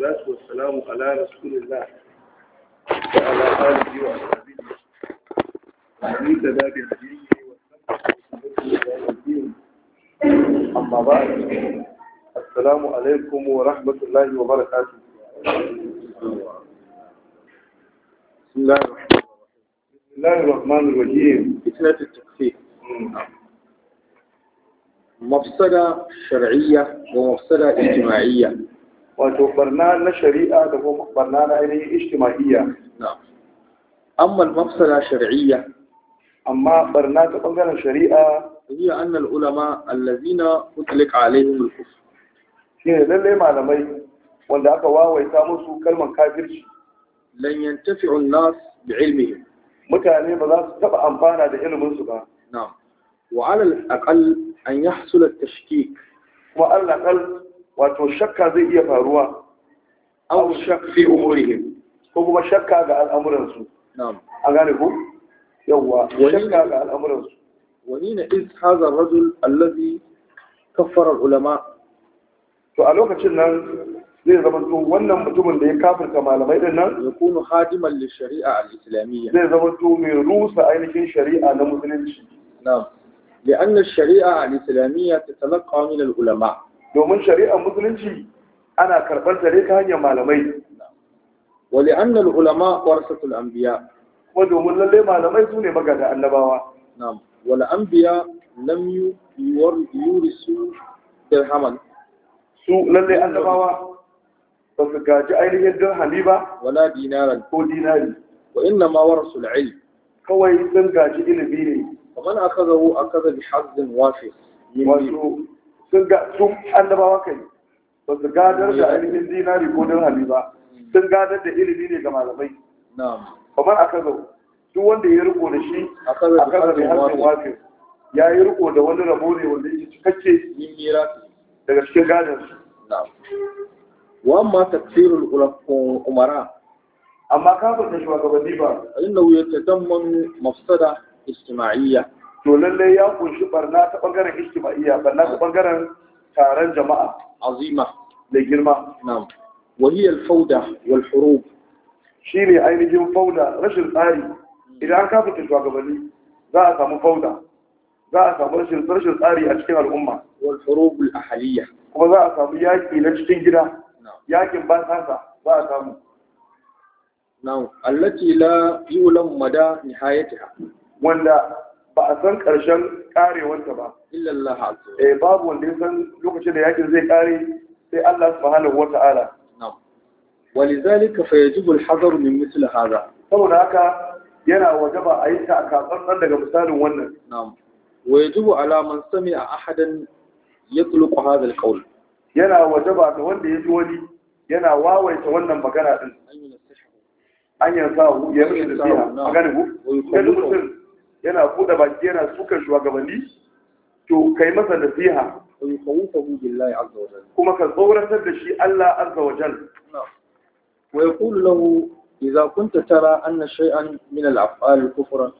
والصلاة والسلام على رسول الله وعلى آله وأصحابه ومن اهتدى بهديه أما بعد السلام عليكم ورحمة الله وبركاته بسم الله الرحمن الرحيم بسم الله الرحمن الرحيم فتنة التكفير مفسدة شرعية ومفسدة اجتماعية wato barna na shari'a da kuma barna na ainihin ijtima'iyya amma al-mafsada shar'iyya amma barna ta bangaren shari'a hiya anna al-ulama allazina utlika alaihim mulku. Shi ne lallai malamai wanda aka wawaita musu kalmar kafirci lan yantafi'u an-nas bi'ilmihim mutane ba za su taba amfana da iliminsu ba na'am wa alal al an yahsul tashkik kuma ala al wato shakka zai iya faruwa An shakka fi umurihim ko kuma shakka ga al'amuransu? A gane ko yawwa. shakka ga al'amuran wani na iz hadha ar-rajul alladhi kaffara ulama to a lokacin nan zai zama to wannan mutumin da ya kafirta malamai din nan ya kunu hadiman li shari'a al-islamiyya zai zama to mai rusa ainihin shari'a na musulunci na'am shari'a لأن islamiyya الإسلامية تتلقى من العلماء domin shari'ar musulunci ana karɓar ta ne ta hanyar malamai wali annal ulama warasatul anbiya kuma domin lalle malamai su ne magada annabawa na'am wal anbiya lam yurisu dirhaman su lalle annabawa ba su gaji ainihin dirhami ba wala dinaran ko dinari wa inna ma warasul ilm kawai sun gaji ilimi ne faman akazahu akaza bi hazzin wafis wato sun ga sun annabawa kai ba su gadar da ainihin zinari ko hali ba sun gadar da ilimi ne ga malamai kamar a kazo duk wanda ya riko da shi a kazo da harfin wafin ya yi riko da wani rabo ne wanda ya cikakke daga cikin gadon su wamma tafsirul umara amma kafin da shugabanni ba ta yatadammanu mafsada istima'iyya to lalle ya kunshi barna ta bangaren ijtima'iyya barna ta bangaren taron jama'a azima da girma na'am wa hiya al-fawda wal hurub shine ainihin fauda rashin tsari idan ka fita shugabanni za a samu fauda za a samu rashin rashin tsari a cikin al'umma wal hurub al ahliya kuma za a samu yaki na cikin gida yakin ba sa za a samu na'am allati la yulam mada nihayatiha wanda ba a san ƙarshen ƙarewarta ba illallah eh babu wanda ya san lokacin da yakin zai ƙare sai Allah subhanahu wata'ala ولذلك فيجب الحذر من مثل هذا saboda haka yana wajaba a yi kafar takatsantsan daga misalin wannan na'am ويجب على من ahadan احدا يطلق هذا القول yana wajaba ga wanda ya ji wani yana wawaita wannan magana din an yansa ya rubuta magana ku yana buɗe baki yana sukan shugabanni to kai masa nasiha kuma ka tsoratar da shi Allah azza wa jal wa yaqulu lahu idza kunta tara anna shay'an min al-af'al kufra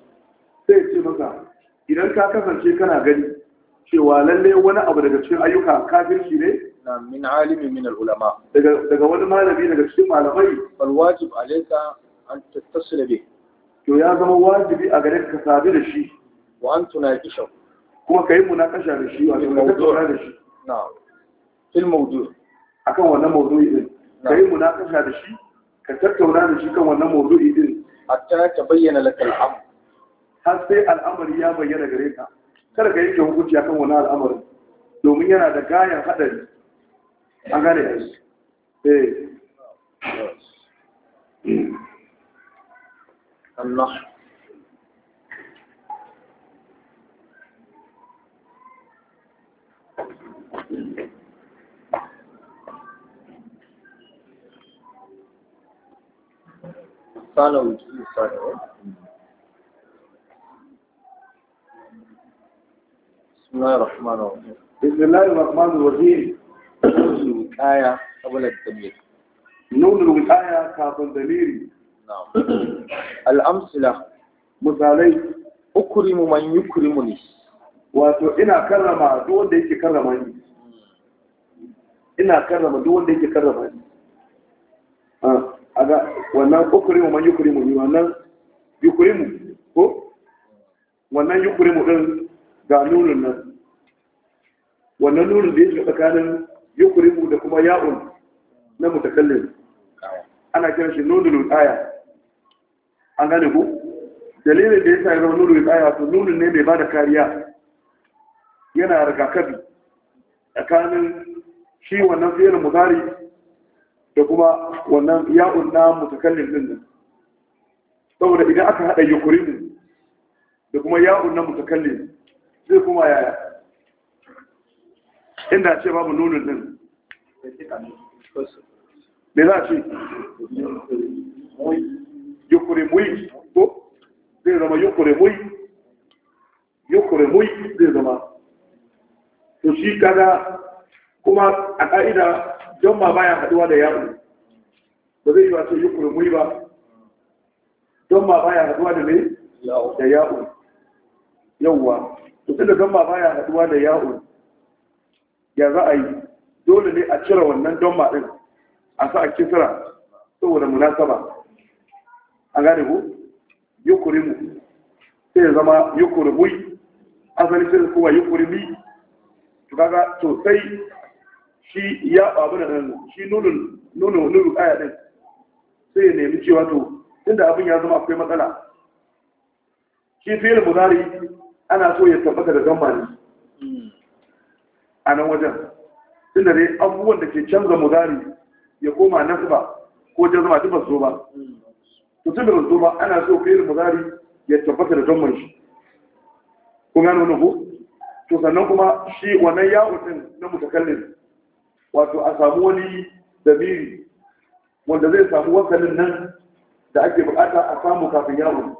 sai ce maka idan ka kasance kana gani cewa lalle wani abu daga cikin ayyuka kafirci ne min alimi min al-ulama daga wani malami daga cikin malamai fal wajib alayka an tattasila bi to ya zama wajibi a gare ka sabi da shi wa an shau kuma kai munakasha da shi wato ka tattauna da shi na'am fil mawdu' akan wannan Ka din kai munakasha da shi ka tattauna da shi kan wannan mawdu'i din hatta ta bayyana laka al'am har sai al'amari ya bayyana gare ka kada ka yanke hukunci akan wannan al'amarin domin yana da gayan hadari an gane eh النحو ثانوي ثانوي بسم الله الرحمن الرحيم بسم الله الرحمن الرحيم نون الوقاية قبل الدمير نون الوقاية كافن دميري نعم al'amsila misalai ukurimu man ukurimu ne wato ina karrama duk wanda yake karrama ne, ina karrama duk wanda yake karrama ne. a ah, ga wannan ukurimu man ukurimu ne wannan ukurimu ko wannan ukurimu din ga nunin nan wannan nunin da yake tsakanin ukurimu da kuma ya'un na mutakallin ana kiran shi nunul aya an gane ku dalilin da ya sa ya zama nunu ya tsaya su nunun ne mai ba da kariya yana rigakafi tsakanin shi wannan fiye muzari da kuma wannan ya'un na mutakallin din nan saboda idan aka haɗa yukurin da kuma ya'un na mutakallin zai kuma yaya inda ce babu nunin din me za a ce yukrimui ko zai zama yukrimui yukrimui zai zama to shi kaga kuma a ka'ida jamma baya haduwa da yaro ba zai yi wato yukrimui ba jamma baya haduwa da me da yaro yawwa to tunda jamma baya haduwa da yaro ya za a yi dole ne a cire wannan jamma din a sa a kisra saboda munasaba an gane yukurimu sai ya zama yukurimu asali sai kuma yukurimi to kaga to shi ya babu da nan shi nunu nunu nunu aya din sai ya nemi cewa to tunda abin ya zama akwai matsala shi fi'il mudari ana so ya tabbata da zamba ne a nan wajen tunda dai abubuwan da ke canza mudari ya koma nasba ko jazma duk ba so ba mutumin runduma ana so fi'il muzari ya tabbata da zamman shi kun gano na ku to sannan kuma shi wannan yawon din na mutakallim wato a samu wani damiri wanda zai samu wasalin nan da ake bukata a samu kafin yawon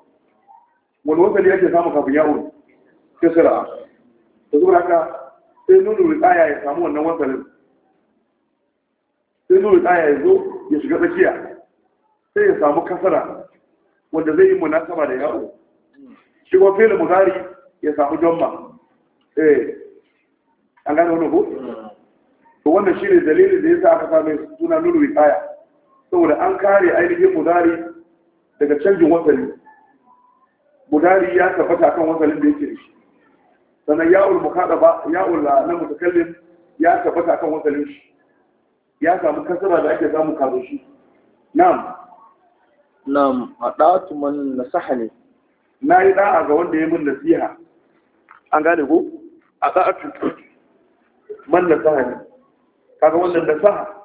wani wasali ake samu kafin yawon kisra da zuwa haka sai nuna rikaya ya samu wannan wasalin sai nuna rikaya ya zo ya shiga tsakiya sai ya samu kasara wanda zai yi munasaba da yawo shi kuma fi'il mudari ya samu jomba eh an gane wani ko to wannan shine dalilin da yasa aka same suna lulwi aya saboda an kare ainihin mudari daga canjin wasali mudari ya tabbata kan wasalin da yake shi sannan ya'ul mukadaba ya'ul na mutakallim ya tabbata kan wasalin shi ya samu kasara da ake samu kazo shi na'am Na'am, haɗatu man saha ne. Na yi ɗa'a ga wanda ya min nasiha. An gane ko? A ɗa'atu man saha ne. Kaga wannan da saha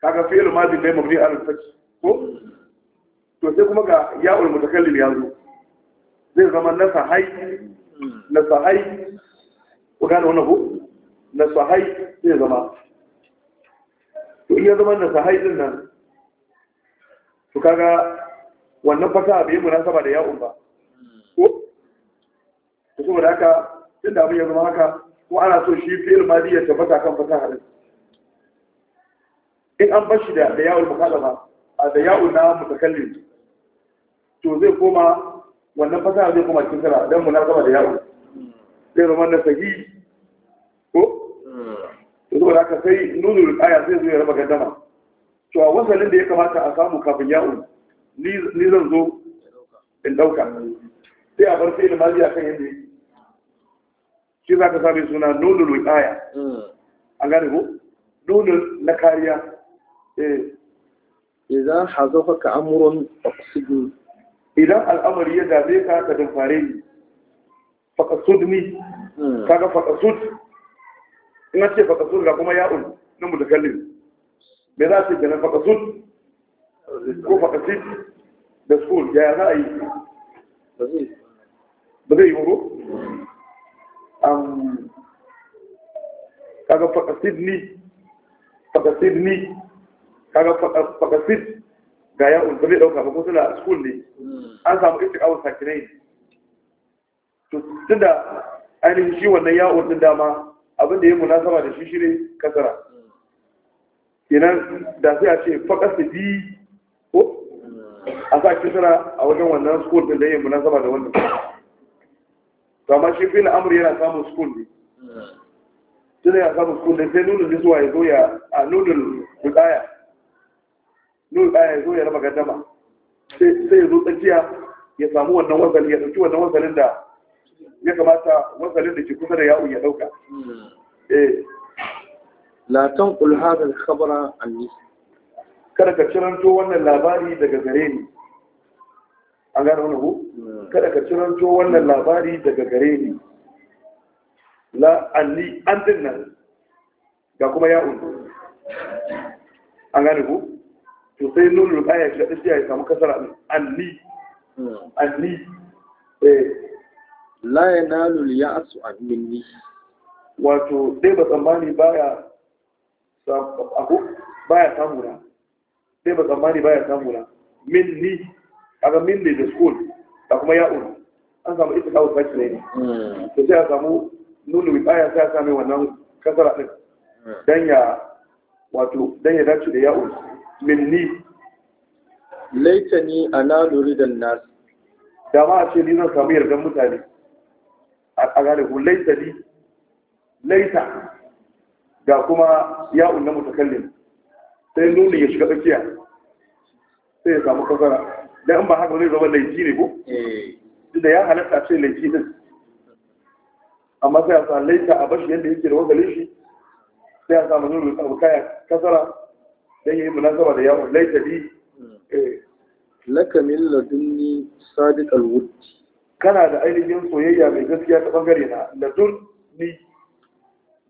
Kaga fi'il madin ne mabni al fath. Ko? To sai kuma ga ya'ul mutakallim ya zo. Zai zama na sahai ku gane wannan ko? sahai zai zama. To iya zama sahai din nan su kaga wannan fata bai saba da ya'un ba ko to saboda haka tun da ya zama haka ko ana so shi da madi ya tabbata kan fata halin in an bashi da da ya'ul mukallama a da ya'ul na mutakallim to zai koma wannan fata zai koma cikin sara dan saba da ya'ul zai zama na sahi ko hmm. to saboda haka sai nunul aya sai zai raba gaddama cewa wasalin da ya kamata a samu kafin ya'un ni zan zo in ɗauka sai a bar fi'il mazi a kan yadda yake shi za ka sami suna nonon wikaya A gane ko nunul na kariya eh. idan hazafaka amrun faqsidni idan al'amari ya dame ka ka dumfare ni ni hmm. kaga fakasud in ce fakasud ga kuma ya'un na mutakallin me za su ganin fakasud ko جاء da school ya za a ba zai yi horo kaga fakasid ni fakasid ga yawon ba zai dauka ba ko suna school ne hmm. an samu ita abin da tunda ainihin din dama abinda ya munasaba da shi shi ne kasara kenan da sai a ce faƙa su bi ko a sa kisra a wajen wannan school din da yin munasaba da wannan to amma shi fil amur yana samun school ne tunda yana samun school ne sai nuna zuwa ya zo ya a nuna bukaya nuna bukaya ya zo ya raba gaddama sai ya zo tsakiya ya samu wannan wasali ya ɗauki wannan wasalin da ya kamata wasalin da ke kusa da yawon ya ɗauka hmm. eh. la tanqul hadha al-khabara anni kada ka ciranto wannan labari daga gare ni an gane wannan ku hmm. kada ka ciranto wannan labari daga gare ni la anni an dinna ga kuma ya undu an gane ku to sai nunu aya shi da shi ya samu kasara anni hmm. anni eh la yanalu al-ya'su minni wato dai ba tsammani baya abu baya sai ba tsammani baya samu na min ni aga min ne da school da kuma ya'un an samu ita kawo sashi ne to sai a samu nuna ya sai a sami wannan kasara din dan ya wato dan ya dace da ya'un min ni laitani ana luridan nas da ma a ce ni zan samu yardan mutane a gane ku laitani laita ga kuma ya unna mutakallim sai nuni ya shiga tsakiya sai ya samu kasara da in ba haka zai zama laifi ne ko eh. da ya halatta ce laifi din amma sai a sa laifi a bashi yadda yake da wanda shi sai a samu nuni a kaya kasara dan yayi munasaba da yawon laifi bi hmm. laka min ladunni sadiq alwud kana da ainihin soyayya mai gaskiya ta bangare na ladunni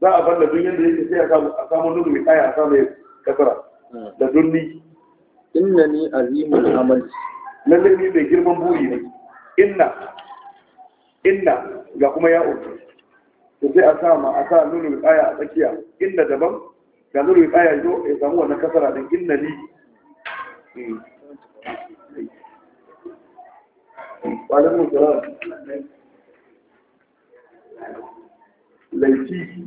za a bar duk yadda yake sai a samu nuru mai kaya a samu kasara da dunni inna ni azimul amal lalle ni mai girman buri ne inna inna ga kuma ya uku to sai a samu a sa nuru mai kaya a tsakiya inna daban ga nuru mai kaya zo ya samu wannan kasara din inna ni hmm. Walamun laifi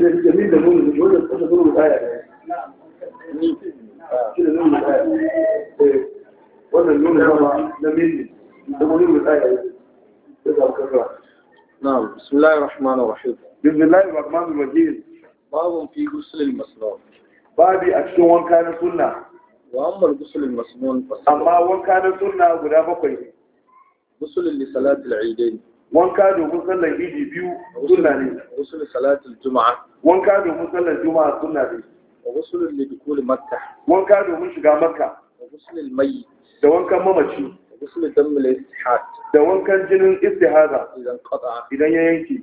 كده جميل ده دول نعم آية. آه، كده آية. إيه؟ وانا ده ده مني ده نعم بسم الله الرحمن الرحيم بسم الله الرحمن الرحيم باب في غسل المسنون بابي اكشن وان كان سنه واما الغسل المسنون اما وان كان سنه غدا بكاي غسل لصلاه العيدين wanka domin sallar idi biyu sunna ne usul salatul juma'a wanka domin sallar juma'a sunna ne wa usul lidukul makka wanka domin shiga makka wa usul mai da wankan mamaci wa usul dammul istihad da wankan jinin istihaza idan qata idan ya yanke.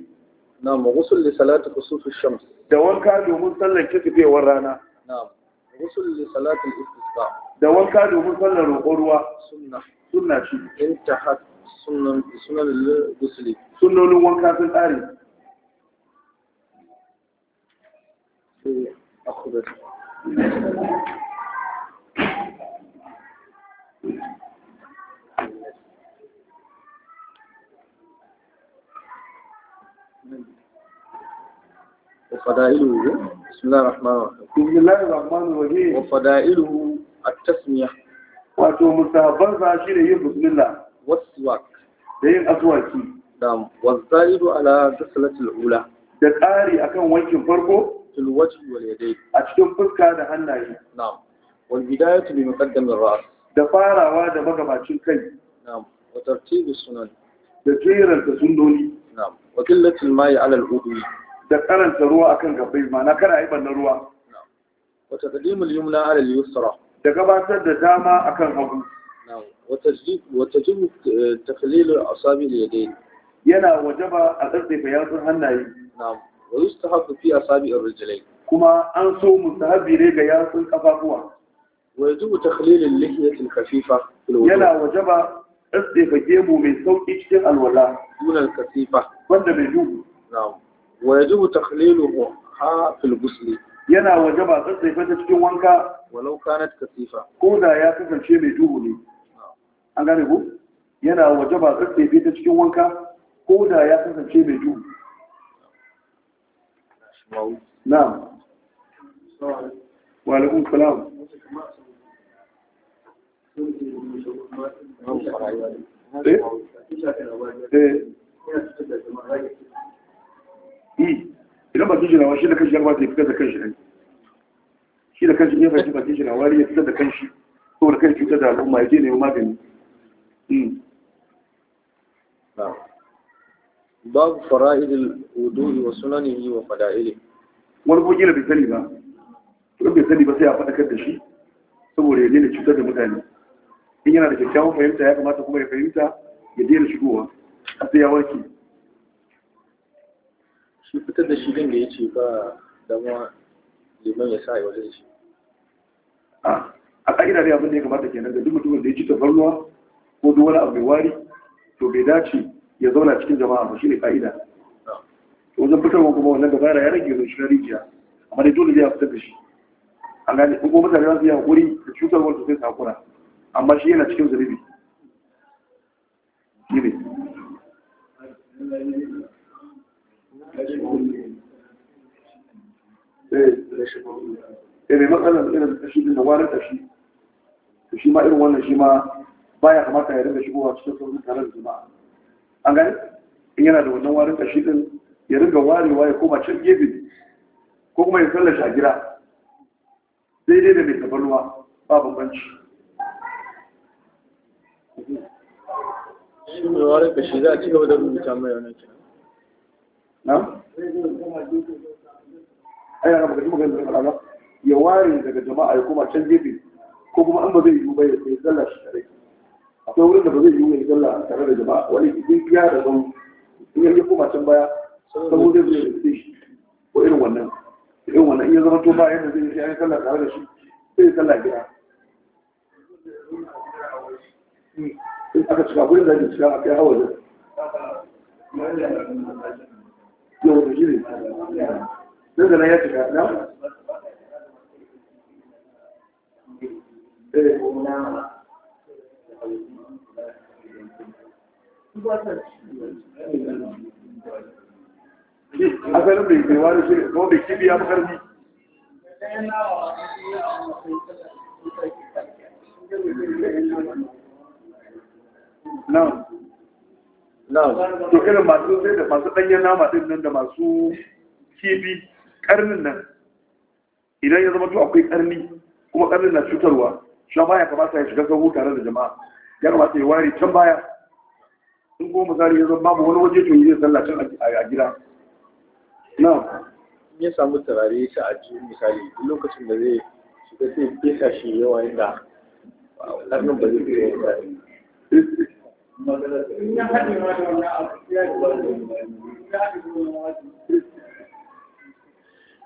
na wa usul salatul khusuf shams da wanka domin sallar kitubewar rana na usul salatul istisqa da wanka domin sallar roƙon ruwa sunna sunna ce intahat sunnonin wanka sun tsari وفضائله بسم الله الرحمن الرحيم بسم الله الرحمن الرحيم وفدائله التسمية وأتو مستهبان فعشير يبسم الله والسواك da yin aswaki na'am wa zaidu ala ghuslatil ula da ƙari akan wankin farko fil wajhi wal yadayn a cikin fuska da hannaye na'am wal bidayatu bi muqaddam ar da farawa da magabacin kai na'am wa tartibi sunan da jeran da sunnoni na'am wa qillatil ma'i ala al da karanta ruwa akan gabai ma'ana kada yi bannan ruwa na'am wa taqdimul yumna alal al yusra da gabatar da dama akan hagu وتجب تقليل أصابع اليدين yana wajaba a tsatsefa yatsun hannaye na'am wa yustahabbu fi asabi ar-rijlayn kuma an so mustahabi ne ga yatsun kafafuwa wa yajibu takhlil al-lihyat al-khafifa yana wajaba tsatsefa gemu mai sauki cikin alwala dun al wanda bai dubu na'am wa yajibu ha fil ghusl yana wajaba tsatsefa ta cikin wanka walau kanat khafifa ya kasance mai duhu ne an gane ku yana waje ba tsatsefe ta cikin wanka ko da ya kasance mai duhu Na. wa alaikum salam eh eh idan bakin jirawa shi da kanshi yarba zai fitar da kanshi ne shi da kanshi ya fahimci bakin jirawa ya fitar da kanshi saboda kan cutar da al'umma ya je neman magani Hmm. babu fara'idil wudu'i wa sunanihi wa fada'ili wani ko gina bai sani ba to bai sani ba sai a faɗakar da shi saboda ya daina cutar da mutane in yana da kyakkyawan fahimta ya kamata kuma ya fahimta ya daina shigowa a sai ya warke shi fitar da shi din da ya ce ba damuwa liman ya sa ya wajen shi a ƙa'ida dai abin da ya kamata kenan da duk mutumin da ya ci tafarnuwa ko duk wani abu mai wari to bai dace ya zauna cikin jama'a ba shi ne fa'ida to wajen fitarwa kuma wannan dabara ya rage zai shiga rijiya amma dai dole zai ya fitar da shi an gane ko mutane za su yi hakuri da cutarwar su sosai su hakura amma shi yana cikin zunubi shi ne eh, eh mai matsalar irin kashi da warin kashi shi ma irin wannan shi ma baya kamata ya rinka shigowa cikin sauran tare da jama'a an gani in yana da wannan warin kashi din ya rinka warewa ya koma can gefe ko kuma ya sallah a gida daidai da mai tabarwa ba bambanci shi eh, mai warin kashi za a ci gaba da rubuta mai wannan na? ayyana ba ka ji da ya ware daga jama'a ya koma can gefe ko kuma an ba zai yi ba ya tsallashi tare akwai wurin da ba zai yi ya sallah tare da jama'a wani cikin kiya da zan in ya kuma can baya saboda zai zai rufe shi ko irin wannan irin wannan in ya zama to ba yadda zai yi ya sallah tare da shi sai ya sallah gida in aka cika wurin da ake cika a kai hawa da yau da shi ne nan da nan ya cika na eh asalin mai mai wani shi kuma mai kibi ya fi karfi to irin masu sai da masu danyen nama ɗin nan da masu kibi ƙarnin nan idan ya zama to akwai ƙarni kuma ƙarnin na cutarwa shi ba ya kamata ya shiga sahu tare da jama'a ya kamata ya ware can baya in kuma misali yanzu babu wani waje to yi zalla can a gida na ya samu turare ya sha a cikin misali lokacin da zai shiga sai fesa shi yawa yadda hannun ba zai fi yawa misali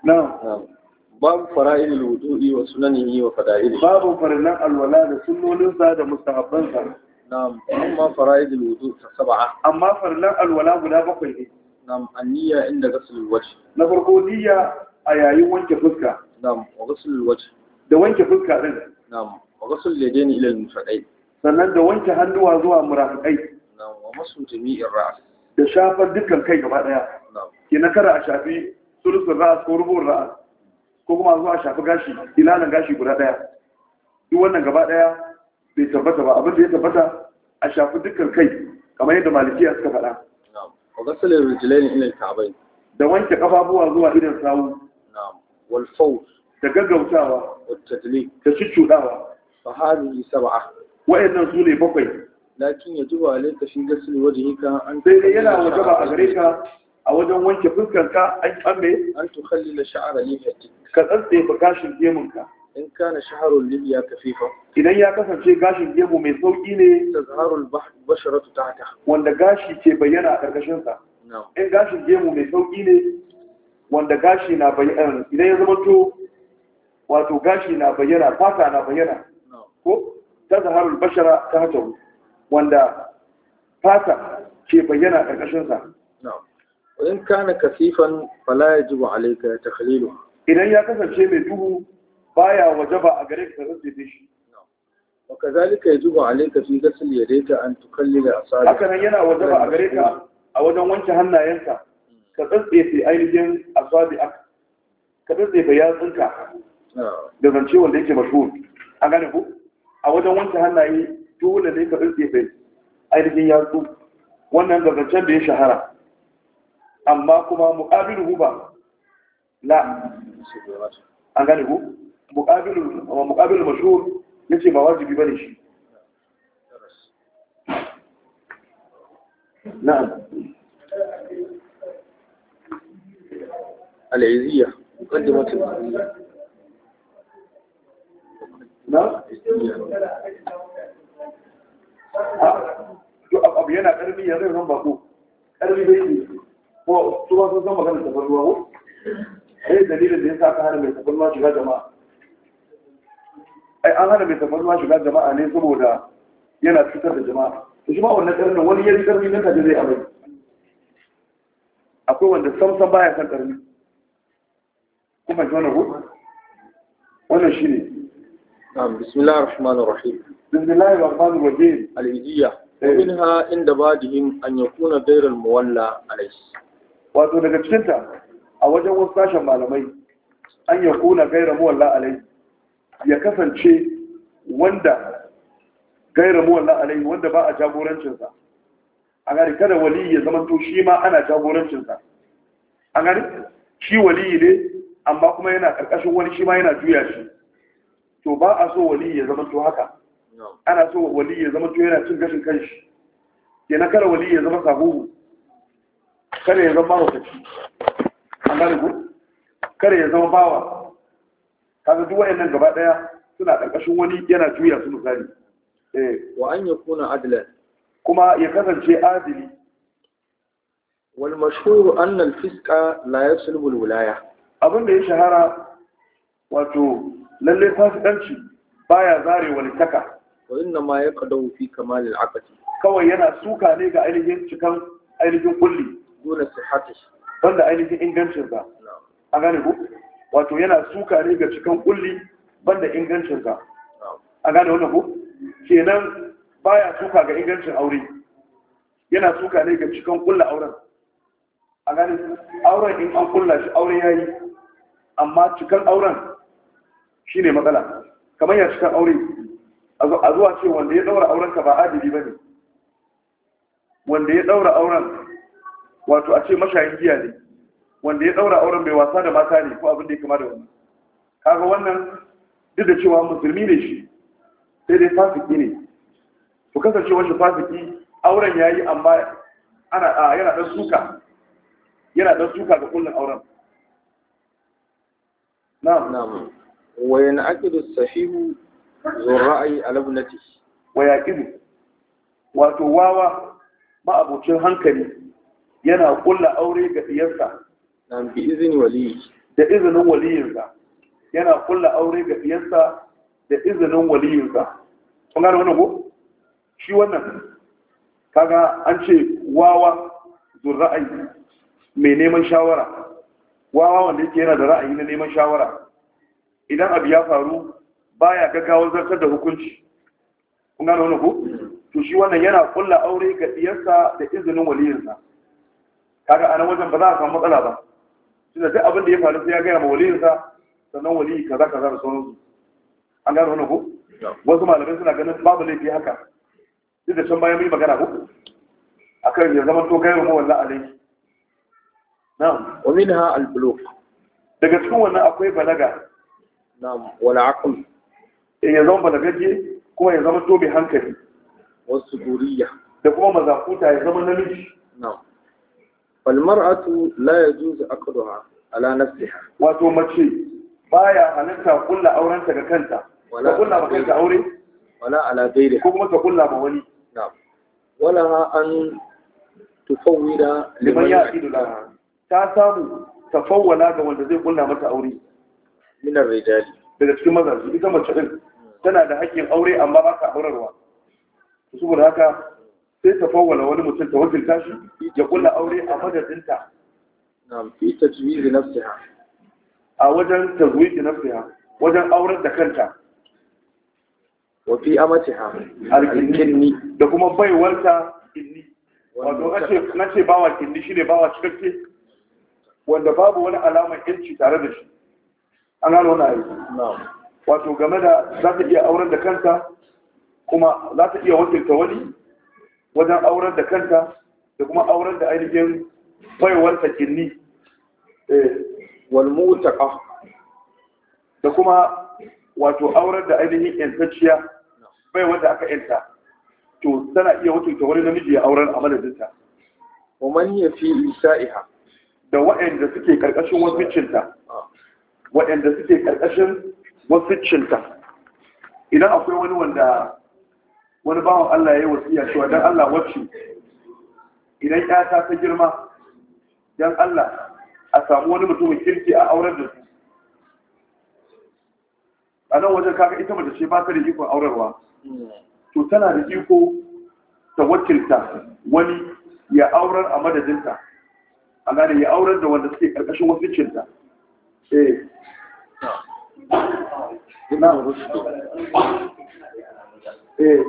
na babu fara'il al-wudu'i wa yi wa fada'il babu farillan alwala da sa da mustahabbansa na'am amma fara'id alwudu sab'a amma farlan alwala guda bakwai ne na'am anniya inda ghusl alwajh na farko a yayin wanke fuska na'am wa ghusl alwajh da wanke fuska din na'am wa ghusl yadayn ila almufaqai sannan da wanke hannuwa zuwa murafiqai na'am wa masu jami'in ra's da shafar dukkan kai gaba daya na'am kara a shafi sulusun ra'as ko rubun ra'as ko kuma zuwa shafi gashi gashi guda duk wannan gaba bai tabbata ba abin da ya tabbata a shafi dukkan kai kamar yadda malikiya suka faɗa wa gasal rijlaini ila al-ka'bayn da wanke kafafuwa zuwa idan sawu na'am wal fawz da gaggautawa wa tadli da shucudawa fa hadhihi sab'a wa'annan su ne bakwai lakin ya yajibu alayka shi gasal wajhika an sai dai yana wajaba a gare ka a wajen wanke fuskarka an kamme an tukhallila sha'ara lihatik ka tsantsaye bakashin gemunka in kana shaharul libiya kafifa idan ya kasance gashin gemu mai sauki ne tazharul basharatu tahta wanda gashi ke bayyana a karkashin sa in gashin gemu mai sauki ne wanda gashi na bayyana eh, idan ya zama to wato gashi na bayyana fata na bayyana ko tazharul bashara tahta wanda fata ke bayyana a karkashin sa in kana kasifan fala yajibu alayka takhlilu idan ya kasance mai duhu baya wajaba a gare ka zai shi wakazalika yajibu alayka fi ghasl yadayka an tukallila asabi haka nan yana wajaba a gare ka a wajen wanke hannayenka ka tsatsefe ainihin asabi ka tsatsefe yatsunka da zance wanda yake mashhur an gane ku a wajen wanke hannaye dole ne ka tsatsefe ainihin yatsu wannan da zancen da ya shahara amma kuma muqabiluhu ba la an gane ku muƙabilun mashhur ya ce ba wajibi ba ne shi na'am al'iziyya muqaddimatul na? Ah, abu yana ƙarfi ya zai nan bako ƙarfi bai ne ko tuba sun san magana tafarnuwa ko ɗaya dalilin da ya sa ka hana mai tafarnuwa shiga jama'a ai an hana mai tafarnuwa shiga jama'a ne saboda yana cutar da jama'a to shi ma wannan karnin wani ya karni nan kaje zai amai akwai wanda samsan baya san karni kuma shi wannan hudu wannan shi ne بسم الله الرحمن الرحيم بسم الله الرحمن ومنها عند بعضهم أن يكون غير المولى عليه wato daga cikinta a wajen wasu sashen malamai an yakuna gaira muwalla ya kasance wanda gaira muwalla alaihi wanda ba a jagorancinsa a gani kada wali ya zama to shi ma ana jagorancinsa a gani shi wali ne amma kuma yana karkashin wani shi ma yana juya shi to ba a so wali ya zama to haka ana so wali ya zama to yana cin gashin kanshi na kada wali ya zama sabuhu kada ya zama mahaukaci a gani kada ya zama bawa kaga duk wayannan gaba daya suna ƙarƙashin wani yana juya su misali eh wa an yakuna adlan kuma ya kasance adili wal mashhur anna al fiska la yaslubu al wilaya abin da ya shahara wato lalle fasikanci baya zare wani taka wa inna ma yaqdawu fi kamal al aqdi kawai yana suka ne ga ainihin cikan ainihin kulli dole sihhati banda ainihin ingancin ba a gane ku wato yana suka ne ga cikin kulli banda ingancinsa a gane wannan ko kenan baya suka ga ingancin aure yana suka ne ga cikin kulla auren a gane auren in an kulla shi aure yayi amma cikin auren shine matsala kamar ya cikin aure a zuwa ce wanda ya daura auren ka ba adili bane wanda ya daura auren wato a ce mashayin giya ne wanda ya daura auren bai wasa da mata ne ko abin da ya kama da wannan kaga wannan duk da cewa musulmi ne shi sai dai fasiki ne to kasance wani fasiki auren ya yi amma ana yana dan suka yana dan suka ga kullun auren na'am na'am wa yanaqidu sahihu zu ra'ayi ala ibnatihi wa yaqidu wato wawa ma abocin hankali yana kulla aure ga diyarsa nan bi izini wali da izinin waliyinsa yana kulla aure ga diyarsa da izinin waliyinsa kun gane wannan ko shi wannan kaga an ce wawa zur ra'ayi mai neman shawara wawa wanda yake yana da ra'ayi na neman shawara idan abu ya faru baya gaggawar zartar da hukunci kun gane wannan ko to shi wannan yana kulla aure ga diyarsa da izinin waliyinsa kaga a nan wajen ba za a samu matsala ba tunda duk abin da ya faru sai ya gaya ma waliyinsa sannan waliyi kaza kaza da sauransu an gano wannan ko wasu malamai suna ganin babu laifi haka duk da can bayan mun yi magana ko akan ya zama to gaya ma wallahi alai na'am wa minha al-bulugh daga cikin wannan akwai balaga na'am wala aql eh, ya zama balagaje kuma ya zama to bi hankali wasu guriya da kuma mazakuta ya zama namiji na'am falmar'atu la ya juzu aqduha ala nafsiha wato mace baya halitta kulla aurenta ga kanta wala kulla ba kanta aure wala ala gairi ko kuma ta kulla ba wani na'am wala an da liman ya'idu laha ta samu tafawwala ga wanda zai kulla mata aure min ar-rijali daga cikin mazaji ita mace din tana da haƙƙin aure amma ba ka aurarwa saboda haka sai ta fawwala wani mutum ta wakilta tashi ya kulla aure a madadinta na fi a wajen tajwidi nafsiha wajen auren da kanta wa fi ha alkinni da kuma baiwarta kinni wato na ce bawa kinni ne bawa cikakke wanda babu wani alamar yanci tare da shi an hana wani ayi wato game da za ta iya auren da kanta kuma za ta iya wakilta wani wajen auren da kanta da kuma auren da ainihin baiwar sakinni eh, walmutaka da kuma wato auren da ainihin yantacciya baiwar da aka yanta to tana iya ta wani namiji ya auren a madadinta wa man ya fi isa'iha da waɗanda suke ƙarƙashin wasucinta ah. waɗanda suke karkashin wasucinta idan akwai wani wanda wani bawan Allah ya yi wasiya cewa dan Allah wacce idan ƴata ta girma dan Allah a samu wani mutumin kirki a auren da su a nan wajen kaka ita mace ce ba ta da ikon aurarwa to tana da iko ta wakilta wani ya aurar a madadinta a gane ya aurar da wanda suke karkashin eh. wasu cinta eh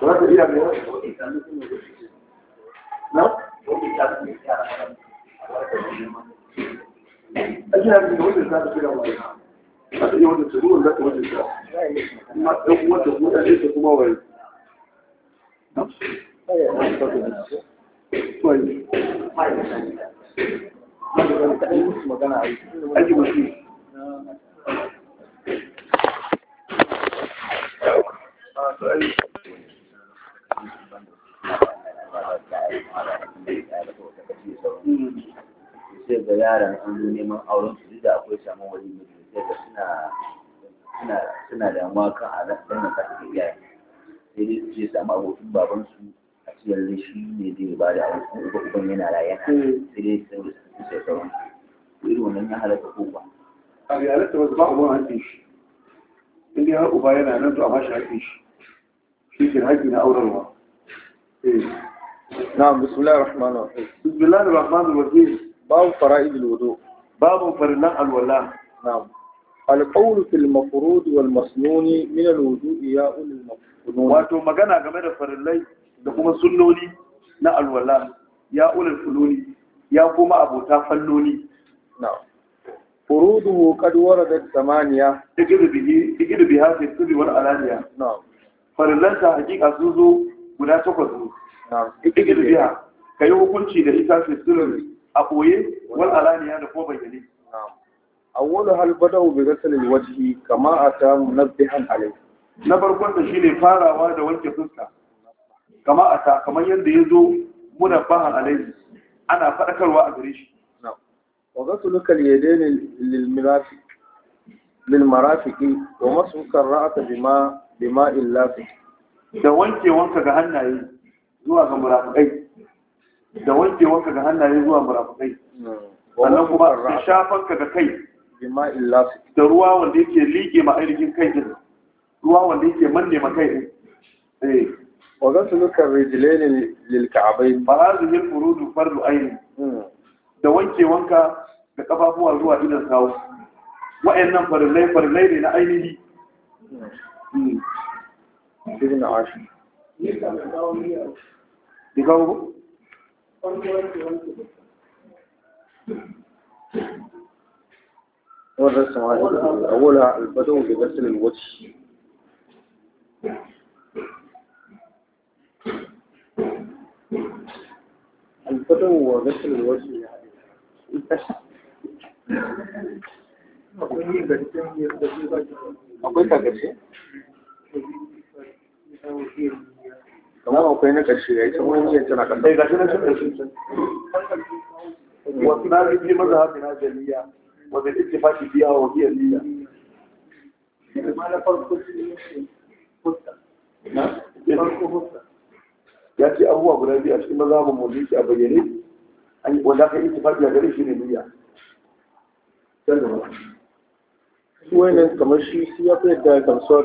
za ta iya ne na? ake yadda da wajen za ta fi da wani za ta iya wajen ta ruwan za ta wajen ta kuma ɗan wata kuma ɗan ta kuma wani aiki masu sai ga yaran an zo neman auren su da akwai samun wani mutum sai ga suna suna suna a nan ɗan nan iyaye sai dai su samu abokin baban su a cikin shi ne zai ba da aure kuma uba uban yana raye sai dai sai da su sai sauran su irin wannan ya halatta ko ba a ya halatta wasu ba uban haƙƙin shi in dai har uba yana nan to a shi haƙƙin shi cikin haƙƙi na aurarwa eh. na'am bismillahir rahmanir rahim bismillahir rahmanir rahim babu fara'idul wudu babu farilan alwala na'am القول في المفروض والمسنون من الوضوء يا أولي المفروض Wato magana game da farillai da kuma sunnoni na alwala ya ulul fuluni ya kuma abota falloni na'am furudu qad waradat thamaniya digir bihi digir biha fi sirri wal alaniya na'am farillanta hakika sun zo guda takwas ne ikiru biya ka yi hukunci da ita fi sirri a ɓoye wani alaniya da ko bayyane awwalu hal bada'u bi ghasl al wajhi kama ata munabbihan alayh na farkon da ne farawa da wanke fuska kama ata kamar yadda ya zo yazo munabbahan alayh ana faɗakarwa a gare shi wa ghasl al yadayn lil mirafiq lil marafiqi wa mashu al ra's bima bima illafi da wankewanka ga hannaye zuwa ga murafukai da wankewanka ga hannaye zuwa murafukai sannan kuma shafanka ga kai bima illafi da ruwa wanda yake lige ma ainihin kai din ruwa wanda yake manne ma kai din eh su gasluka rijlaini lil ka'bayn ba hazu yin furudu fardu ayn hmm. da wankewanka da kafafuwa zuwa idan sawu wa'annan farillai farillai ne na ainihi hmm. Hmm. ابن عاشر يجاوبه والرسم أولها البدو بغسل الوجه البدو وغسل الوجه يعني أقول لك شيء kamar akwai na ƙarshe ya yi can wani Ga shi na cin can. Wasu na maza hafi na jami'a wanda duk ba biya wa biyar niyya. Ya ce abubuwa guda biyu a cikin maza mu mulki a bayyane wanda aka yi ittifaki a gare shi ne niyya. Su wayannan kamar shi ya fi yadda gamsuwar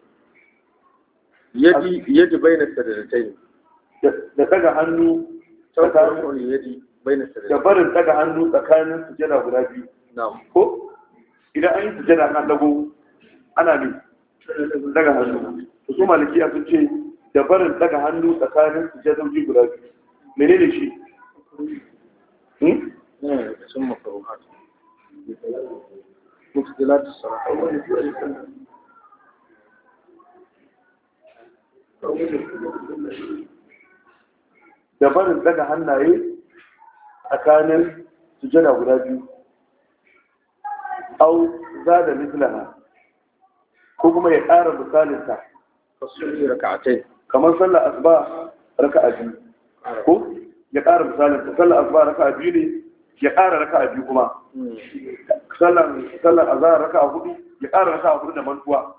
yadi yadi baina sadadatain da daga hannu tsakanin yadi baina sadadatain da barin daga hannu tsakanin sujada guda biyu na'am ko idan an yi sujada kan dago ana ne daga hannu to su malikiya sun ce da barin daga hannu tsakanin sujada guda biyu menene shi Hmm? Yeah, of sun makaruhat muftilat sarah da barin daga hannaye tsakanin sujada guda biyu au za da mislaha ko kuma ya ƙara misalinta kamar sallar asuba a biyu ko ya ƙara misalinta sallar asuba a biyu ne ya ƙara a biyu kuma sallar azahar a hudu ya ƙara a hudu da mantuwa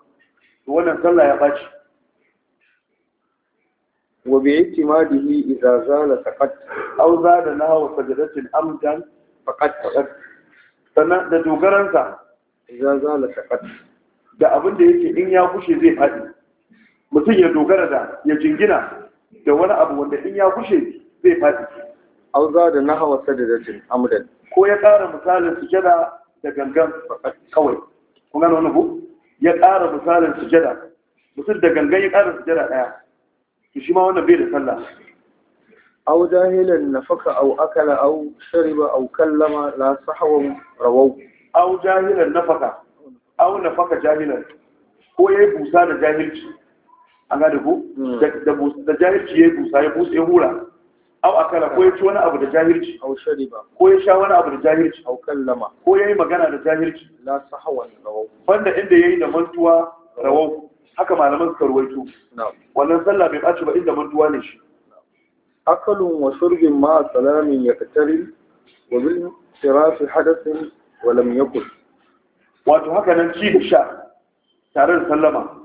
to wannan sallah ya ɓaci wa bi ihtimadihi idza zala taqat aw zala nahwa sajdatin amdan faqad taqat da dogaransa idza zala taqat da abin da yake in ya kushe zai faɗi. mutum ya dogara da ya jingina da wani abu wanda in ya kushe zai faɗi. fadi aw zala da sajdatin amdan ko ya ƙara misalin su sujada da gangan kawai kun gano wani ku ya ƙara misalin su sujada mutum da gangan ya ƙara su sujada ɗaya shi ma wannan bai da sallah aw jahilan nafaka aw akala aw shariba aw kallama la sahwa rawaw aw jahilan nafaka aw nafaka jahilan ko yayi busa da jahilci an ga hmm. dubu da jahilci yayi busa ya busa ya hura aw akala ko ya wani abu da jahilci aw shariba ko ya sha wani abu da jahilci aw kallama ko yayi magana da jahilci la sahwa rawaw banda inda yayi da mantuwa rawaw haka malaman suka ruwaito wannan sallah bai ɓaci ba inda mantuwa ne shi akalun wa shurgin ma salamin ya katari wa bil sirafi hadasin wa lam yakul wato haka nan ci da sha tare da sallama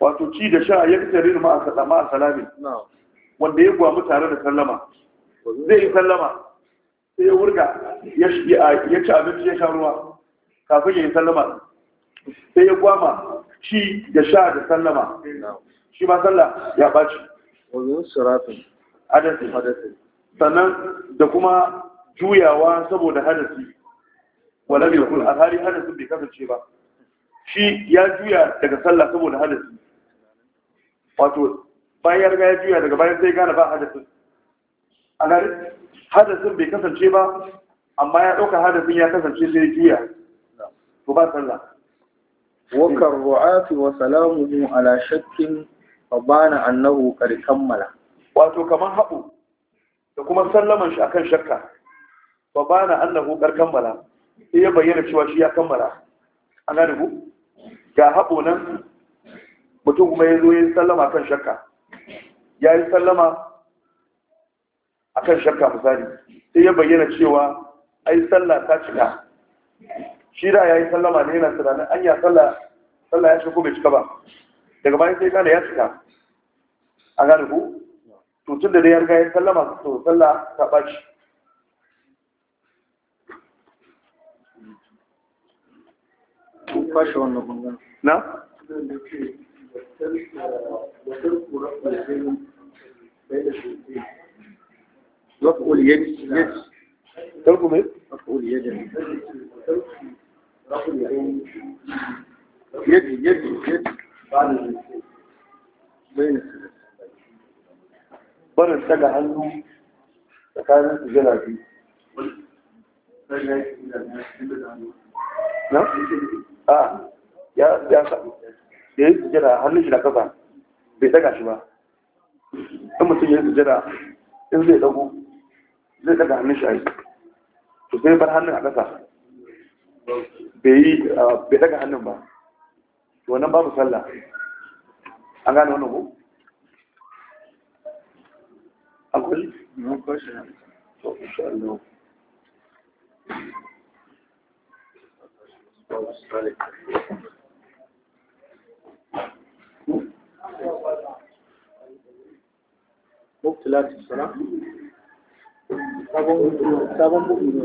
wato ci da sha ya katari ma a salamin wanda ya gwamu tare da sallama zai yi sallama sai ya wurga ya ci abinci ya sha ruwa kafin ya yi sallama sai ya kwama shi da sha da sallama shi ma sallah ya ɓaci wajen sannan da kuma juyawa saboda hadasi wala bai kula a hari hadasin bai kasance ba shi ya juya daga sallah saboda hadasi wato bayan ya riga ya juya daga bayan sai gane ba hadasi a gari hadasi bai kasance ba amma ya ɗauka hadasin ya kasance sai juya to ba sallah wakar ru'afi wa salamuhu ala shakkin fa bana annahu qad kammala wato kaman habu da kuma sallaman shi akan shakka fa bana annahu qad kammala sai ya bayyana cewa shi ya kammala an gane ku ga Habu nan mutum kuma ya zo ya sallama akan shakka ya yi sallama akan shakka misali sai ya bayyana cewa ai sallah ta cika shi da ya yi sallama ne yana tunanin an ya sallah ya shiga ko bai cika ba daga bayan sai kada ya cika a gane ku to tun da dai ya riga ya sallama to sallah ta ɓaci kwashe wannan kungan na? Wasu uliyar yadda. Tarku mai? Wasu uliyar yadda. barin daga hannu tsakanin su jira biyu na? a ya ya da ya sujjada hannun shi na kasa bai daga shi ba in mutum ya sujjada in zai dago zai daga hannun shi a yi to sai bar hannun a kasa bai bai daga hannun ba wannan babu sallah an gane wannan ko akwai mun kashi to insha Allah مبتلات الصلاة sabon buɗi ne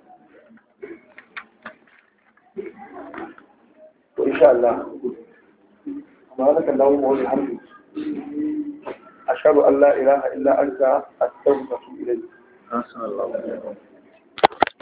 to insha Allah subhanak allahumma wa bihamdika ashhadu an la ilaha illa anta astaghfiruka wa atubu